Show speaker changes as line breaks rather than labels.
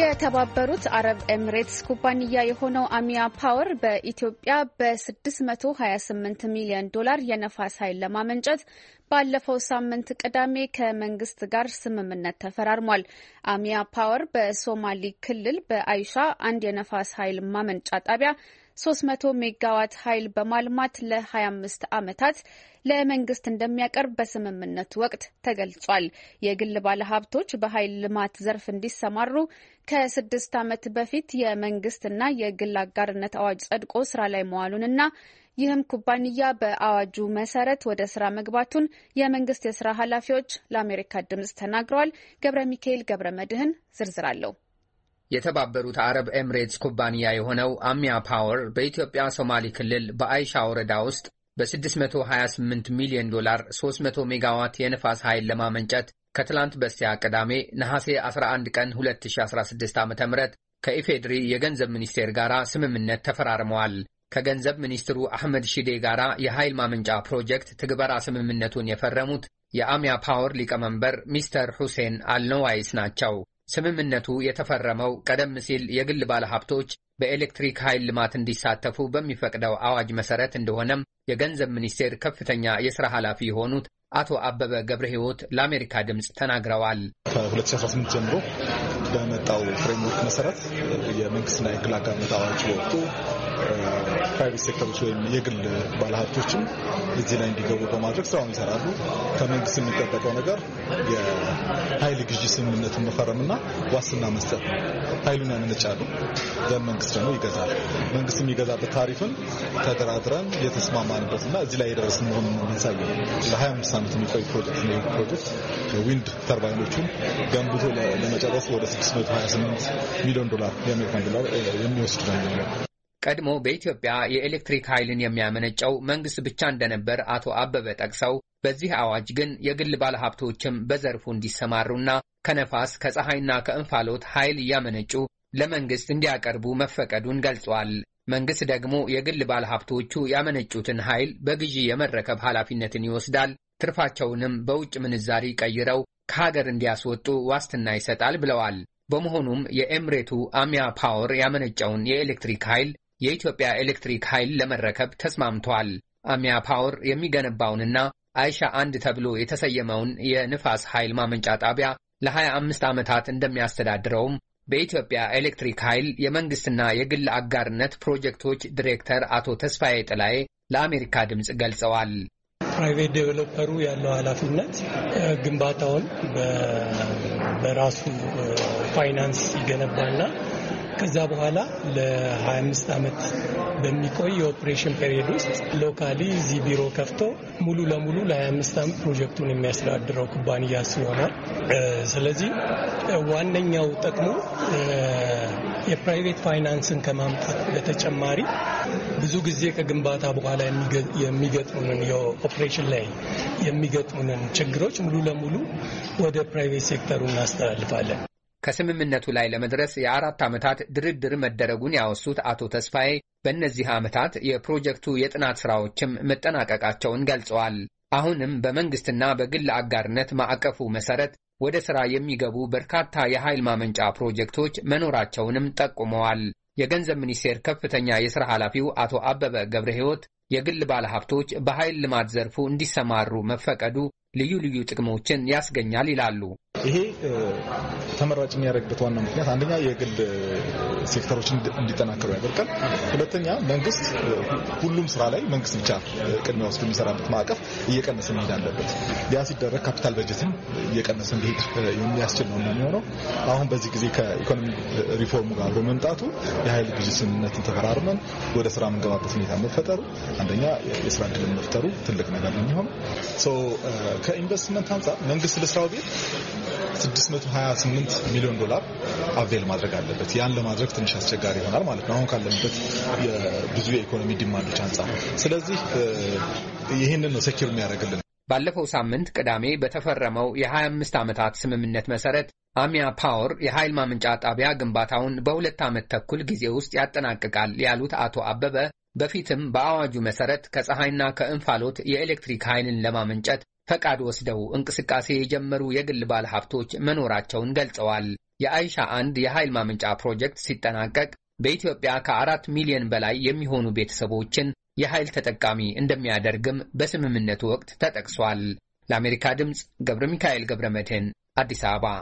የተባበሩት አረብ ኤምሬትስ ኩባንያ የሆነው አሚያ ፓወር በኢትዮጵያ በ628 ሚሊዮን ዶላር የነፋስ ኃይል ለማመንጨት ባለፈው ሳምንት ቅዳሜ ከመንግስት ጋር ስምምነት ተፈራርሟል። አሚያ ፓወር በሶማሊ ክልል በአይሻ አንድ የነፋስ ኃይል ማመንጫ ጣቢያ 300 ሜጋዋት ኃይል በማልማት ለ25 ዓመታት ለመንግስት እንደሚያቀርብ በስምምነቱ ወቅት ተገልጿል። የግል ባለሀብቶች በኃይል ልማት ዘርፍ እንዲሰማሩ ከስድስት ዓመት በፊት የመንግስትና የግል አጋርነት አዋጅ ጸድቆ ስራ ላይ መዋሉንና ይህም ኩባንያ በአዋጁ መሰረት ወደ ስራ መግባቱን የመንግስት የስራ ኃላፊዎች ለአሜሪካ ድምፅ ተናግረዋል። ገብረ ሚካኤል ገብረ መድህን ዝርዝር አለው።
የተባበሩት አረብ ኤምሬትስ ኩባንያ የሆነው አሚያ ፓወር በኢትዮጵያ ሶማሌ ክልል በአይሻ ወረዳ ውስጥ በ628 ሚሊዮን ዶላር 300 ሜጋዋት የንፋስ ኃይል ለማመንጨት ከትላንት በስቲያ ቅዳሜ ነሐሴ 11 ቀን 2016 ዓ ም ከኢፌድሪ የገንዘብ ሚኒስቴር ጋር ስምምነት ተፈራርመዋል። ከገንዘብ ሚኒስትሩ አሕመድ ሺዴ ጋር የኃይል ማመንጫ ፕሮጀክት ትግበራ ስምምነቱን የፈረሙት የአሚያ ፓወር ሊቀመንበር ሚስተር ሁሴን አልነዋይስ ናቸው። ስምምነቱ የተፈረመው ቀደም ሲል የግል ባለሀብቶች በኤሌክትሪክ ኃይል ልማት እንዲሳተፉ በሚፈቅደው አዋጅ መሰረት እንደሆነም የገንዘብ ሚኒስቴር ከፍተኛ የሥራ ኃላፊ የሆኑት አቶ አበበ ገብረ ህይወት ለአሜሪካ ድምፅ ተናግረዋል።
ከ2018 ጀምሮ በመጣው ፍሬምወርክ መሰረት የመንግስትና የግል አጋርነት አዋጅ ወጡ። ፕራይቬት ሴክተሮች ወይም የግል ባለሀብቶችም እዚህ ላይ እንዲገቡ በማድረግ ስራውን ይሰራሉ። ከመንግስት የሚጠበቀው ነገር የኃይል ግዢ ስምምነትን መፈረምና ዋስትና መስጠት ነው። ኃይሉን ያመነጫሉ፣ ዘን መንግስት ደግሞ ይገዛል። መንግስት የሚገዛበት ታሪፍን ተደራድረን የተስማማንበትና እዚህ ላይ የደረስን መሆኑን የሚያሳየው ለ25 ዓመት የሚቆይ ፕሮጀክት ነው። ፕሮጀክት ዊንድ ተርባይኖቹን ገንብቶ ለመጨረስ ወደ 628 ሚሊዮን ዶላር የአሜሪካን ዶላር የሚወስድ ነው
ቀድሞ በኢትዮጵያ የኤሌክትሪክ ኃይልን የሚያመነጨው መንግስት ብቻ እንደነበር አቶ አበበ ጠቅሰው በዚህ አዋጅ ግን የግል ባለሀብቶችም በዘርፉ እንዲሰማሩና ከነፋስ ከፀሐይና ከእንፋሎት ኃይል እያመነጩ ለመንግስት እንዲያቀርቡ መፈቀዱን ገልጿል። መንግስት ደግሞ የግል ባለሀብቶቹ ያመነጩትን ኃይል በግዢ የመረከብ ኃላፊነትን ይወስዳል፣ ትርፋቸውንም በውጭ ምንዛሪ ቀይረው ከሀገር እንዲያስወጡ ዋስትና ይሰጣል ብለዋል። በመሆኑም የኤምሬቱ አሚያ ፓወር ያመነጨውን የኤሌክትሪክ ኃይል የኢትዮጵያ ኤሌክትሪክ ኃይል ለመረከብ ተስማምቷል። አሚያ ፓወር የሚገነባውንና አይሻ አንድ ተብሎ የተሰየመውን የንፋስ ኃይል ማመንጫ ጣቢያ ለ25 ዓመታት እንደሚያስተዳድረውም በኢትዮጵያ ኤሌክትሪክ ኃይል የመንግሥትና የግል አጋርነት ፕሮጀክቶች ዲሬክተር አቶ ተስፋዬ ጥላዬ ለአሜሪካ ድምፅ ገልጸዋል።
ፕራይቬት ዴቨሎፐሩ ያለው ኃላፊነት ግንባታውን በራሱ ፋይናንስ ይገነባና ከዛ በኋላ ለ25 ዓመት በሚቆይ የኦፕሬሽን ፔሪየድ ውስጥ ሎካሊ እዚህ ቢሮ ከፍቶ ሙሉ ለሙሉ ለ25 ዓመት ፕሮጀክቱን የሚያስተዳድረው ኩባንያ ይሆናል። ስለዚህ ዋነኛው ጥቅሙ የፕራይቬት ፋይናንስን ከማምጣት በተጨማሪ ብዙ ጊዜ ከግንባታ በኋላ የሚገጥሙንን የኦፕሬሽን ላይ የሚገጥሙንን ችግሮች ሙሉ ለሙሉ ወደ ፕራይቬት ሴክተሩ እናስተላልፋለን።
ከስምምነቱ ላይ ለመድረስ የአራት ዓመታት ድርድር መደረጉን ያወሱት አቶ ተስፋዬ በእነዚህ ዓመታት የፕሮጀክቱ የጥናት ሥራዎችም መጠናቀቃቸውን ገልጸዋል። አሁንም በመንግሥትና በግል አጋርነት ማዕቀፉ መሠረት ወደ ሥራ የሚገቡ በርካታ የኃይል ማመንጫ ፕሮጀክቶች መኖራቸውንም ጠቁመዋል። የገንዘብ ሚኒስቴር ከፍተኛ የሥራ ኃላፊው አቶ አበበ ገብረ ሕይወት የግል ባለሀብቶች በኃይል ልማት ዘርፉ እንዲሰማሩ መፈቀዱ ልዩ ልዩ ጥቅሞችን ያስገኛል ይላሉ።
ይሄ ተመራጭ የሚያደርግበት ዋና ምክንያት አንደኛ የግል ሴክተሮችን እንዲጠናከሩ ያደርጋል። ሁለተኛ መንግስት ሁሉም ስራ ላይ መንግስት ብቻ ቅድሚያ ውስጥ የሚሰራበት ማዕቀፍ እየቀነሰ መሄድ አለበት። ያ ሲደረግ ካፒታል በጀትም እየቀነሰ እንዲሄድ የሚያስችል ነው የሚሆነው። አሁን በዚህ ጊዜ ከኢኮኖሚ ሪፎርሙ ጋር በመምጣቱ የሀይል ግዢ ስምምነትን ተፈራርመን ወደ ስራ የምንገባበት ሁኔታ መፈጠሩ አንደኛ የስራ እድልን መፍጠሩ ትልቅ ነገር ነው የሚሆነው ከኢንቨስትመንት አንጻር መንግስት ለስራው ቤት 628 ሚሊዮን ዶላር አቬል ማድረግ አለበት። ያን ለማድረግ ትንሽ አስቸጋሪ ይሆናል ማለት ነው አሁን ካለንበት ብዙ የኢኮኖሚ ዲማንዶች አንጻር። ስለዚህ ይህንን ነው ሴኪር የሚያደርግልን።
ባለፈው ሳምንት ቅዳሜ በተፈረመው የ25 ዓመታት ስምምነት መሰረት አሚያ ፓወር የኃይል ማመንጫ ጣቢያ ግንባታውን በሁለት ዓመት ተኩል ጊዜ ውስጥ ያጠናቅቃል ያሉት አቶ አበበ በፊትም በአዋጁ መሰረት ከፀሐይና ከእንፋሎት የኤሌክትሪክ ኃይልን ለማመንጨት ፈቃድ ወስደው እንቅስቃሴ የጀመሩ የግል ባለ ሀብቶች መኖራቸውን ገልጸዋል። የአይሻ አንድ የኃይል ማመንጫ ፕሮጀክት ሲጠናቀቅ በኢትዮጵያ ከአራት ሚሊዮን በላይ የሚሆኑ ቤተሰቦችን የኃይል ተጠቃሚ እንደሚያደርግም በስምምነቱ ወቅት ተጠቅሷል። ለአሜሪካ ድምፅ ገብረ ሚካኤል ገብረ መድህን አዲስ አበባ